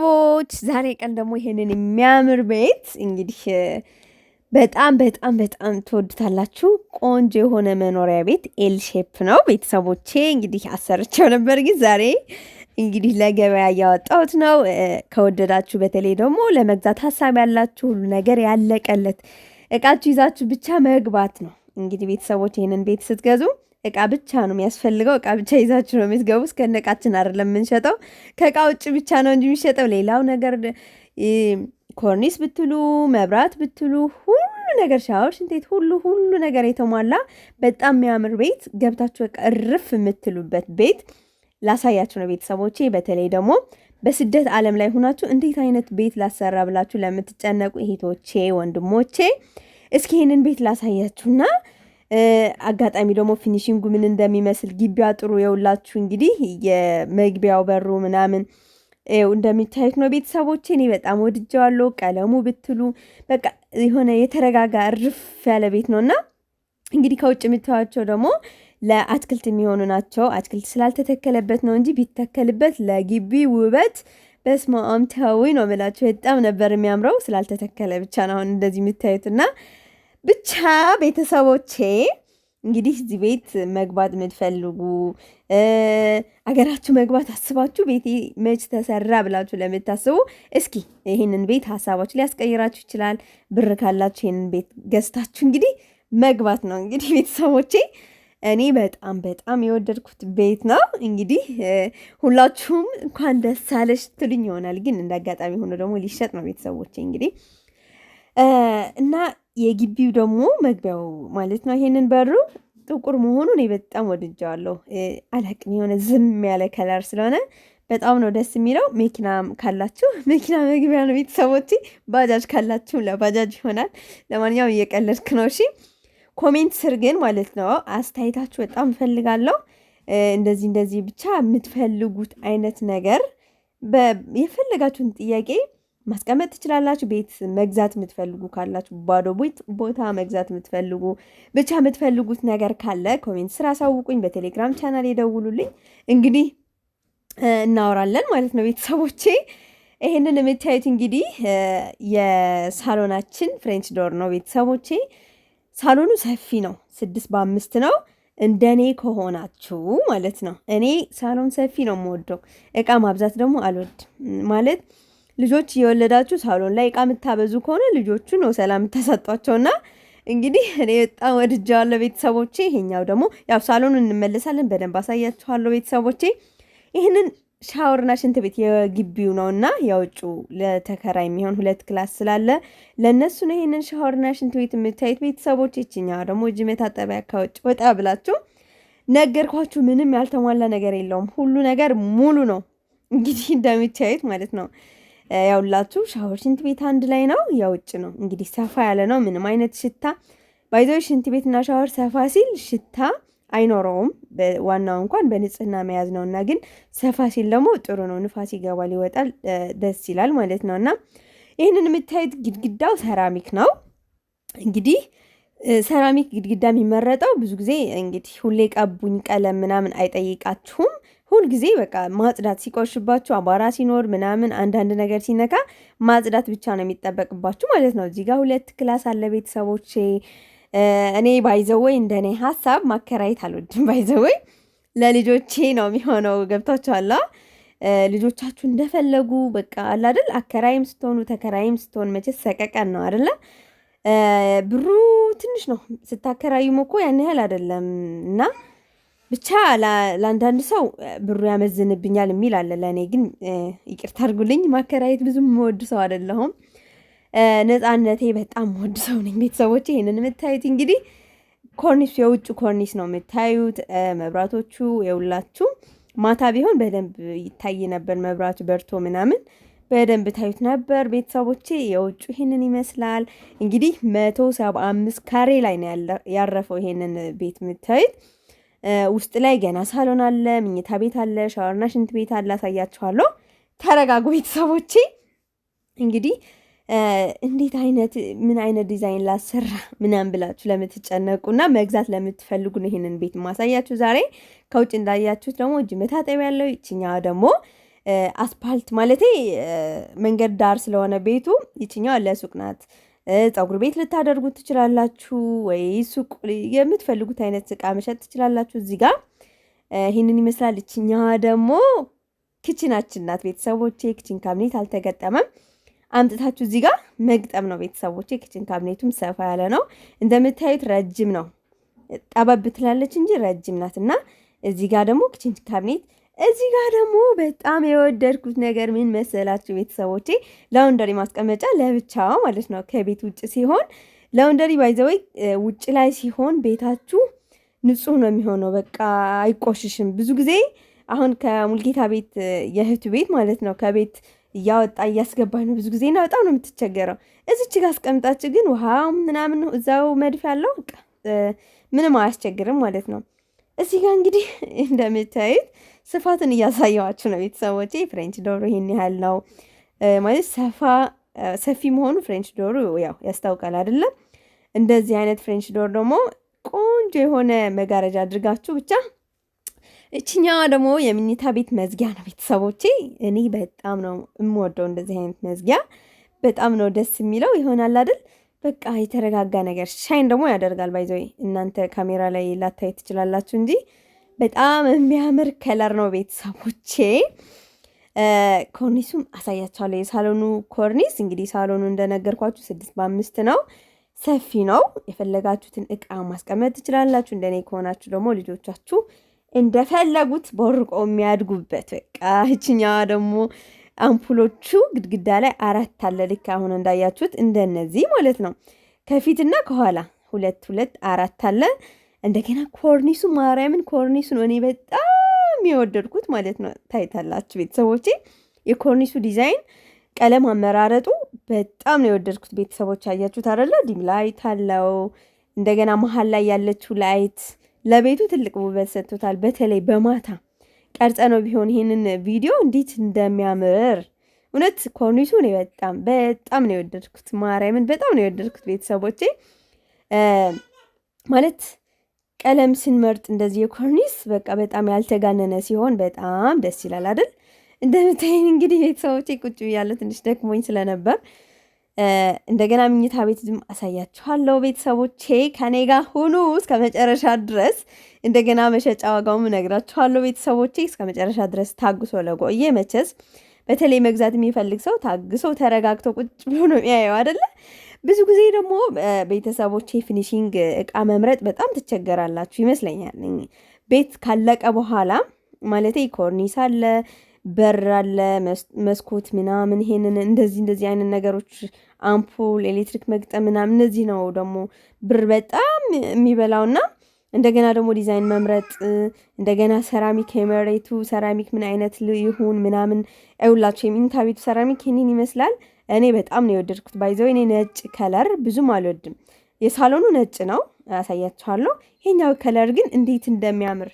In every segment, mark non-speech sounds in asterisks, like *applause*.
ቦች ዛሬ ቀን ደግሞ ይሄንን የሚያምር ቤት እንግዲህ በጣም በጣም በጣም ትወዱታላችሁ። ቆንጆ የሆነ መኖሪያ ቤት ኤል ሼፕ ነው። ቤተሰቦቼ እንግዲህ አሰርቸው ነበር፣ ግን ዛሬ እንግዲህ ለገበያ እያወጣሁት ነው። ከወደዳችሁ በተለይ ደግሞ ለመግዛት ሀሳብ ያላችሁ ሁሉ ነገር ያለቀለት እቃችሁ ይዛችሁ ብቻ መግባት ነው። እንግዲህ ቤተሰቦች ይህንን ቤት ስትገዙ እቃ ብቻ ነው የሚያስፈልገው። እቃ ብቻ ይዛችሁ ነው የምትገቡ። እስከነ እቃችን አይደለም የምንሸጠው፣ ከእቃ ውጭ ብቻ ነው እንጂ የሚሸጠው። ሌላው ነገር ኮርኒስ ብትሉ፣ መብራት ብትሉ፣ ሁሉ ነገር ሻወር፣ ሽንት ቤት፣ ሁሉ ሁሉ ነገር የተሟላ በጣም የሚያምር ቤት ገብታችሁ በቃ እርፍ የምትሉበት ቤት ላሳያችሁ ነው ቤተሰቦቼ። በተለይ ደግሞ በስደት ዓለም ላይ ሁናችሁ እንዴት አይነት ቤት ላሰራ ብላችሁ ለምትጨነቁ እህቶቼ፣ ወንድሞቼ እስኪ ይህንን ቤት ላሳያችሁና አጋጣሚ ደግሞ ፊኒሽንጉ ምን እንደሚመስል ግቢዋ ጥሩ የውላችሁ እንግዲህ የመግቢያው በሩ ምናምን ው እንደሚታዩት ነው ቤተሰቦቼ። እኔ በጣም ወድጀዋለሁ። ቀለሙ ብትሉ በቃ የሆነ የተረጋጋ እርፍ ያለ ቤት ነው እና እንግዲህ ከውጭ የምታዩቸው ደግሞ ለአትክልት የሚሆኑ ናቸው። አትክልት ስላልተተከለበት ነው እንጂ ቢተከልበት ለግቢ ውበት በስመ አብ ነው የምላቸው። በጣም ነበር የሚያምረው። ስላልተተከለ ብቻ ነው አሁን እንደዚህ የምታዩትና ብቻ ቤተሰቦቼ እንግዲህ እዚህ ቤት መግባት የምትፈልጉ አገራችሁ መግባት አስባችሁ ቤቴ መች ተሰራ ብላችሁ ለምታስቡ እስኪ ይህንን ቤት ሀሳባችሁ ሊያስቀይራችሁ ይችላል። ብር ካላችሁ ይህንን ቤት ገዝታችሁ እንግዲህ መግባት ነው። እንግዲህ ቤተሰቦቼ እኔ በጣም በጣም የወደድኩት ቤት ነው። እንግዲህ ሁላችሁም እንኳን ደስ አለሽ ትሉኝ ይሆናል፣ ግን እንደ አጋጣሚ ሆኖ ደግሞ ሊሸጥ ነው ቤተሰቦቼ እንግዲህ እና የግቢው ደግሞ መግቢያው ማለት ነው ይሄንን በሩ ጥቁር መሆኑ እኔ በጣም ወድጃዋለሁ። አላቅም የሆነ ዝም ያለ ከለር ስለሆነ በጣም ነው ደስ የሚለው። መኪና ካላችሁ *laughs* መኪና መግቢያ ነው ቤተሰቦች፣ ባጃጅ ካላችሁ ለባጃጅ ይሆናል። ለማንኛውም እየቀለድክ ነው እሺ። ኮሜንት ስር ግን ማለት ነው አስተያየታችሁ በጣም እፈልጋለሁ። እንደዚህ እንደዚህ ብቻ የምትፈልጉት አይነት ነገር የፈለጋችሁን ጥያቄ ማስቀመጥ ትችላላችሁ። ቤት መግዛት የምትፈልጉ ካላችሁ፣ ባዶ ቦታ መግዛት የምትፈልጉ ብቻ የምትፈልጉት ነገር ካለ ኮሜንት ስራ አሳውቁኝ። በቴሌግራም ቻናል የደውሉልኝ። እንግዲህ እናወራለን ማለት ነው ቤተሰቦቼ። ይሄንን የምታዩት እንግዲህ የሳሎናችን ፍሬንች ዶር ነው ቤተሰቦቼ። ሳሎኑ ሰፊ ነው፣ ስድስት በአምስት ነው። እንደኔ ከሆናችሁ ማለት ነው። እኔ ሳሎን ሰፊ ነው የምወደው። እቃ ማብዛት ደግሞ አልወድም ማለት ልጆች እየወለዳችሁ ሳሎን ላይ እቃ የምታበዙ ከሆነ ልጆቹ ነው ሰላም የምታሰጧቸውና እንግዲህ እኔ በጣም ወድጃዋለሁ ቤተሰቦቼ። ይሄኛው ደግሞ ያው ሳሎን እንመለሳለን፣ በደንብ አሳያችኋለሁ ቤተሰቦቼ። ይህንን ሻወርና ሽንት ቤት የግቢው ነው እና የውጩ ለተከራይ የሚሆን ሁለት ክላስ ስላለ ለእነሱ ነው ይህንን ሻወርና ሽንት ቤት የምታዩት ቤተሰቦች። ይችኛዋ ደግሞ እጅ መታጠቢያ ከውጭ ወጣ ብላችሁ ነገርኳችሁ። ምንም ያልተሟላ ነገር የለውም፣ ሁሉ ነገር ሙሉ ነው። እንግዲህ እንደምታዩት ማለት ነው። ያውላችሁ ሻወር ሽንት ቤት አንድ ላይ ነው። የውጭ ነው እንግዲህ ሰፋ ያለ ነው። ምንም አይነት ሽታ ባይዘው ሽንት ቤትና ሻወር ሰፋ ሲል ሽታ አይኖረውም። ዋናው እንኳን በንጽህና መያዝ ነው እና ግን ሰፋ ሲል ደግሞ ጥሩ ነው። ንፋስ ይገባል ይወጣል፣ ደስ ይላል ማለት ነው እና ይህንን የምታዩት ግድግዳው ሰራሚክ ነው እንግዲህ ሰራሚክ ግድግዳ የሚመረጠው ብዙ ጊዜ እንግዲህ ሁሌ ቀቡኝ ቀለም ምናምን አይጠይቃችሁም። ሁልጊዜ በቃ ማጽዳት ሲቆሽባችሁ አቧራ ሲኖር ምናምን አንዳንድ ነገር ሲነካ ማጽዳት ብቻ ነው የሚጠበቅባችሁ ማለት ነው። እዚህ ጋር ሁለት ክላስ አለ ቤተሰቦቼ። እኔ ባይዘወይ እንደኔ ሀሳብ ማከራየት አልወድም። ባይዘወይ ለልጆቼ ነው የሚሆነው። ገብታችኋላ? ልጆቻችሁ እንደፈለጉ በቃ አለ አይደል? አከራይም ስትሆኑ ተከራይም ስትሆን መቼ ሰቀቀን ነው አይደለ? ብሩ ትንሽ ነው። ስታከራዩም እኮ ያን ያህል አይደለም እና ብቻ ለአንዳንድ ሰው ብሩ ያመዝንብኛል የሚል አለ። ለእኔ ግን ይቅርታ አድርጉልኝ፣ ማከራየት ብዙም መወድ ሰው አይደለሁም። ነፃነቴ በጣም መወድ ሰው ነኝ። ቤተሰቦች ይህንን የምታዩት እንግዲህ ኮርኒስ የውጭ ኮርኒስ ነው የምታዩት። መብራቶቹ የሁላችሁ ማታ ቢሆን በደንብ ይታይ ነበር። መብራቱ በርቶ ምናምን በደንብ ታዩት ነበር። ቤተሰቦቼ የውጩ ይሄንን ይመስላል እንግዲህ መቶ ሰባ አምስት ካሬ ላይ ነው ያረፈው ይሄንን ቤት የምታዩት። ውስጥ ላይ ገና ሳሎን አለ፣ ምኝታ ቤት አለ፣ ሻወርና ሽንት ቤት አለ። አሳያችኋለሁ። ተረጋጉ ቤተሰቦቼ። እንግዲህ እንዴት አይነት ምን አይነት ዲዛይን ላሰራ ምናምን ብላችሁ ለምትጨነቁ መግዛት ለምትፈልጉ ነው ይህንን ቤት ማሳያችሁ ዛሬ። ከውጭ እንዳያችሁት ደግሞ እጅ መታጠቢያ ያለው ይችኛዋ ደግሞ አስፓልት ማለቴ መንገድ ዳር ስለሆነ ቤቱ ይችኛዋ ለሱቅ ናት። ፀጉር ቤት ልታደርጉት ትችላላችሁ፣ ወይ ሱቅ የምትፈልጉት አይነት እቃ መሸጥ ትችላላችሁ። እዚህ ጋር ይህንን ይመስላል። እችኛዋ ደግሞ ክችናችን ናት። ቤተሰቦቼ ክችን ካብኔት አልተገጠመም። አምጥታችሁ እዚህ ጋር መግጠም ነው ቤተሰቦቼ። ክችን ካብኔቱም ሰፋ ያለ ነው እንደምታዩት፣ ረጅም ነው። ጠበብ ትላለች እንጂ ረጅም ናት እና እዚህ ጋር ደግሞ ክችን ካብኔት እዚህ ጋር ደግሞ በጣም የወደድኩት ነገር ምን መሰላችሁ ቤተሰቦቼ? ላውንደሪ ማስቀመጫ ለብቻው ማለት ነው ከቤት ውጭ ሲሆን ላውንደሪ ባይዘወይ ውጭ ላይ ሲሆን ቤታችሁ ንጹህ ነው የሚሆነው። በቃ አይቆሽሽም። ብዙ ጊዜ አሁን ከሙልጌታ ቤት የእህቱ ቤት ማለት ነው ከቤት እያወጣ እያስገባ ነው ብዙ ጊዜ እና በጣም ነው የምትቸገረው። እዚች ጋር አስቀምጣችሁ ግን ውሃ ምናምን እዛው መድፍ ያለው ምንም አያስቸግርም ማለት ነው። እዚህ ጋር እንግዲህ *laughs* እንደምታዩት ስፋቱን እያሳየዋችሁ ነው ቤተሰቦች ፍሬንች ዶሮ ይህን ያህል ነው ማለት ሰፋ ሰፊ መሆኑ ፍሬንች ዶሮ ያው ያስታውቃል አይደለም። እንደዚህ አይነት ፍሬንች ዶር ደግሞ ቆንጆ የሆነ መጋረጃ አድርጋችሁ ብቻ እችኛዋ ደግሞ የምኝታ ቤት መዝጊያ ነው ቤተሰቦቼ። እኔ በጣም ነው የምወደው እንደዚህ አይነት መዝጊያ፣ በጣም ነው ደስ የሚለው ይሆናል አይደል በቃ የተረጋጋ ነገር ሻይን ደግሞ ያደርጋል። ባይዘይ እናንተ ካሜራ ላይ ላታየት ትችላላችሁ እንጂ በጣም የሚያምር ከለር ነው። ቤተሰቦቼ ኮርኒሱም አሳያችኋለሁ። የሳሎኑ ኮርኒስ እንግዲህ ሳሎኑ እንደነገርኳችሁ ስድስት በአምስት ነው። ሰፊ ነው። የፈለጋችሁትን እቃ ማስቀመጥ ትችላላችሁ። እንደኔ ከሆናችሁ ደግሞ ልጆቻችሁ እንደፈለጉት በርቆ የሚያድጉበት በቃ እችኛዋ ደግሞ አምፑሎቹ ግድግዳ ላይ አራት አለ። ልክ አሁን እንዳያችሁት እንደነዚህ ማለት ነው። ከፊትና ከኋላ ሁለት ሁለት አራት አለ። እንደገና ኮርኒሱ ማርያምን ኮርኒሱ ነው እኔ በጣም የወደድኩት ማለት ነው። ታይታላችሁ ቤተሰቦቼ፣ የኮርኒሱ ዲዛይን ቀለም አመራረጡ በጣም ነው የወደድኩት ቤተሰቦች። አያችሁት አደለ? ዲም ላይት አለው። እንደገና መሀል ላይ ያለችው ላይት ለቤቱ ትልቅ ውበት ሰጥቶታል፣ በተለይ በማታ ቀርጸ ነው ቢሆን ይሄንን ቪዲዮ እንዴት እንደሚያምር እውነት ኮርኒሱ እኔ በጣም በጣም ነው የወደድኩት። ማርያምን በጣም ነው የወደድኩት ቤተሰቦቼ። ማለት ቀለም ስንመርጥ እንደዚህ የኮርኒስ በቃ በጣም ያልተጋነነ ሲሆን በጣም ደስ ይላል አይደል? እንደምታይን እንግዲህ ቤተሰቦቼ ቁጭ ብያለሁ። ትንሽ ደክሞኝ ስለነበር እንደገና ምኝታ ቤት ድም አሳያችኋለሁ። ቤተሰቦቼ ከኔ ጋር ሁኑ እስከ መጨረሻ ድረስ። እንደገና መሸጫ ዋጋውም እነግራችኋለሁ። ቤተሰቦቼ እስከ መጨረሻ ድረስ ታግሶ ለቆየ መቼስ በተለይ መግዛት የሚፈልግ ሰው ታግሶ ተረጋግቶ ቁጭ ብሎ ነው የሚያየው አይደለ? ብዙ ጊዜ ደግሞ ቤተሰቦቼ ፊኒሽንግ እቃ መምረጥ በጣም ትቸገራላችሁ ይመስለኛል። ቤት ካለቀ በኋላ ማለት ኮርኒስ አለ በር አለ፣ መስኮት ምናምን ይሄንን እንደዚህ እንደዚህ አይነት ነገሮች አምፖል፣ ኤሌክትሪክ መግጠም ምናምን እነዚህ ነው ደግሞ ብር በጣም የሚበላው የሚበላውና እንደገና ደግሞ ዲዛይን መምረጥ እንደገና ሰራሚክ የመሬቱ ሰራሚክ ምን አይነት ይሁን ምናምን አይውላቸው የሚኒታ ቤቱ ሰራሚክ ይህንን ይመስላል። እኔ በጣም ነው የወደድኩት። ባይዘው እኔ ነጭ ከለር ብዙም አልወድም። የሳሎኑ ነጭ ነው አሳያችኋለሁ። ይሄኛው ከለር ግን እንዴት እንደሚያምር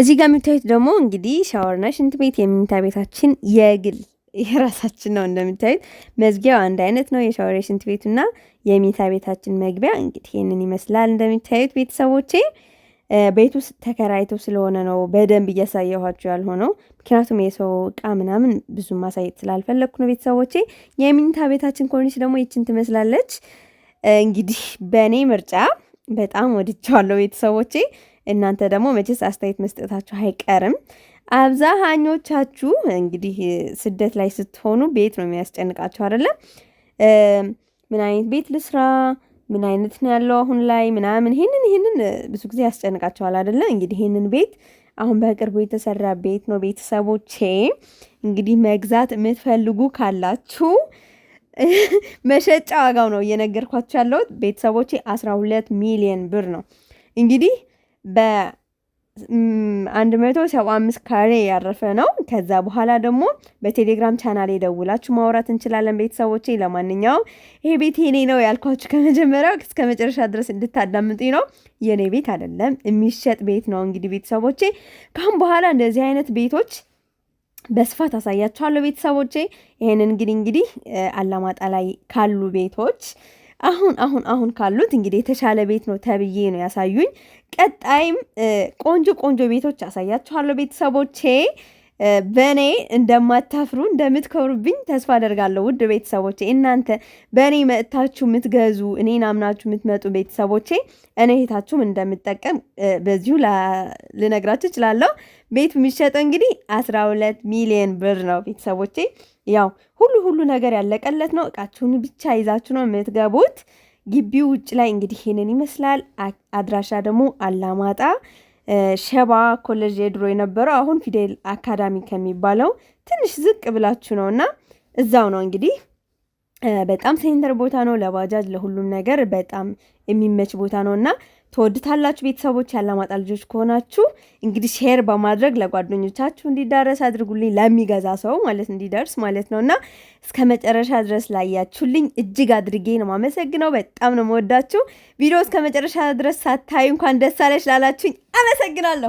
እዚህ ጋር የምታዩት ደግሞ እንግዲህ ሻወርና ሽንት ቤት የምኝታ ቤታችን የግል *laughs* የራሳችን ነው። እንደምታዩት መዝጊያው አንድ አይነት ነው። የሻወር የሽንት ቤቱና የምኝታ ቤታችን መግቢያ እንግዲህ ይህንን ይመስላል። እንደምታዩት ቤተሰቦቼ ቤቱ ተከራይቶ ስለሆነ ነው በደንብ እያሳየኋችሁ ያልሆነው፣ ምክንያቱም የሰው እቃ ምናምን ብዙ ማሳየት ስላልፈለግኩ ነው። ቤተሰቦቼ የምኝታ ቤታችን ኮርኒስ ደግሞ ይችን ትመስላለች። እንግዲህ በእኔ ምርጫ በጣም ወድቸዋለሁ ቤተሰቦቼ እናንተ ደግሞ መቼስ አስተያየት መስጠታችሁ አይቀርም። አብዛሃኞቻችሁ እንግዲህ ስደት ላይ ስትሆኑ ቤት ነው የሚያስጨንቃችሁ አይደለም? ምን አይነት ቤት ልስራ፣ ምን አይነት ነው ያለው አሁን ላይ ምናምን፣ ይህንን ይህንን ብዙ ጊዜ ያስጨንቃቸዋል አይደለም? እንግዲህ ይህንን ቤት አሁን በቅርቡ የተሰራ ቤት ነው። ቤተሰቦቼ እንግዲህ መግዛት የምትፈልጉ ካላችሁ *laughs* መሸጫ ዋጋው ነው እየነገርኳችሁ ያለሁት ቤተሰቦቼ አስራ ሁለት ሚሊየን ብር ነው እንግዲህ በ175 ካሬ ያረፈ ነው። ከዛ በኋላ ደግሞ በቴሌግራም ቻናል ደውላችሁ ማውራት እንችላለን። ቤተሰቦቼ ለማንኛውም ይሄ ቤት የኔ ነው ያልኳችሁ ከመጀመሪያው እስከ መጨረሻ ድረስ እንድታዳምጡኝ ነው። የኔ ቤት አይደለም፣ የሚሸጥ ቤት ነው። እንግዲህ ቤተሰቦቼ ካሁን በኋላ እንደዚህ አይነት ቤቶች በስፋት አሳያችኋለሁ ቤተሰቦቼ። ይሄንን እንግዲህ እንግዲህ አላማጣ ላይ ካሉ ቤቶች አሁን አሁን አሁን ካሉት እንግዲህ የተሻለ ቤት ነው ተብዬ ነው ያሳዩኝ። ቀጣይም ቆንጆ ቆንጆ ቤቶች ያሳያችኋለሁ ቤተሰቦቼ። በእኔ እንደማታፍሩ እንደምትከብሩብኝ ተስፋ አደርጋለሁ። ውድ ቤተሰቦቼ እናንተ በእኔ መጥታችሁ የምትገዙ እኔን አምናችሁ የምትመጡ ቤተሰቦቼ እኔ እህታችሁም እንደምጠቀም በዚሁ ልነግራችሁ እችላለሁ። ቤቱ የሚሸጠው እንግዲህ አስራ ሁለት ሚሊዮን ብር ነው ቤተሰቦቼ። ያው ሁሉ ሁሉ ነገር ያለቀለት ነው። እቃችሁን ብቻ ይዛችሁ ነው የምትገቡት። ግቢው ውጭ ላይ እንግዲህ ይህንን ይመስላል። አድራሻ ደግሞ አላማጣ ሸባ ኮሌጅ የድሮ የነበረው አሁን ፊደል አካዳሚ ከሚባለው ትንሽ ዝቅ ብላችሁ ነው እና እዛው ነው እንግዲህ በጣም ሴንተር ቦታ ነው ለባጃጅ ለሁሉም ነገር በጣም የሚመች ቦታ ነው እና ትወድታላችሁ። ቤተሰቦች ያላማጣ ልጆች ከሆናችሁ እንግዲህ ሼር በማድረግ ለጓደኞቻችሁ እንዲዳረስ አድርጉልኝ፣ ለሚገዛ ሰው ማለት እንዲደርስ ማለት ነው እና እስከ መጨረሻ ድረስ ላያችሁልኝ እጅግ አድርጌ ነው አመሰግነው። በጣም ነው መወዳችሁ። ቪዲዮ እስከ መጨረሻ ድረስ ሳታዩ እንኳን ደስ አለሽ ላላችሁኝ አመሰግናለሁ።